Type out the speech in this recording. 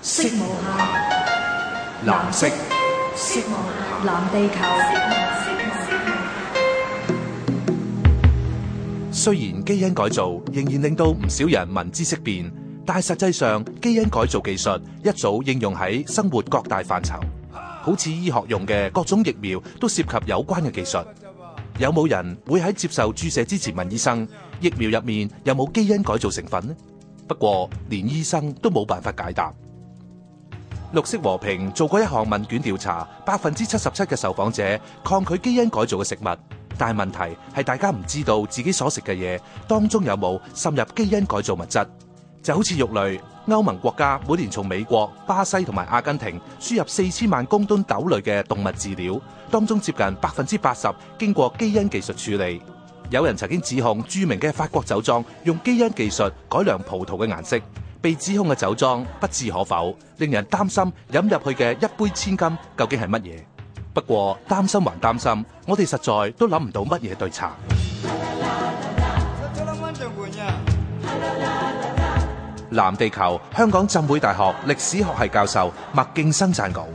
色無限，藍色，色無限，藍地球。雖然基因改造仍然令到唔少人聞之色變，但實際上，基因改造技術一早應用喺生活各大範疇，好似醫學用嘅各種疫苗都涉及有關嘅技術。有冇人會喺接受注射之前問醫生，疫苗入面有冇基因改造成分呢？不過連醫生都冇辦法解答。綠色和平做過一項問卷調查，百分之七十七嘅受訪者抗拒基因改造嘅食物。但問題係大家唔知道自己所食嘅嘢當中有冇滲入基因改造物質，就好似肉類。歐盟國家每年從美國、巴西同埋阿根廷輸入四千萬公噸豆類嘅動物飼料，當中接近百分之八十經過基因技術處理。有人曾經指控著名嘅法國酒莊用基因技術改良葡萄嘅顏色。被指控嘅酒莊不置可否，令人擔心飲入去嘅一杯千金究竟係乜嘢？不過擔心還擔心，我哋實在都諗唔到乜嘢對策。藍地球，香港浸會大學歷史學系教授麥勁生撰稿。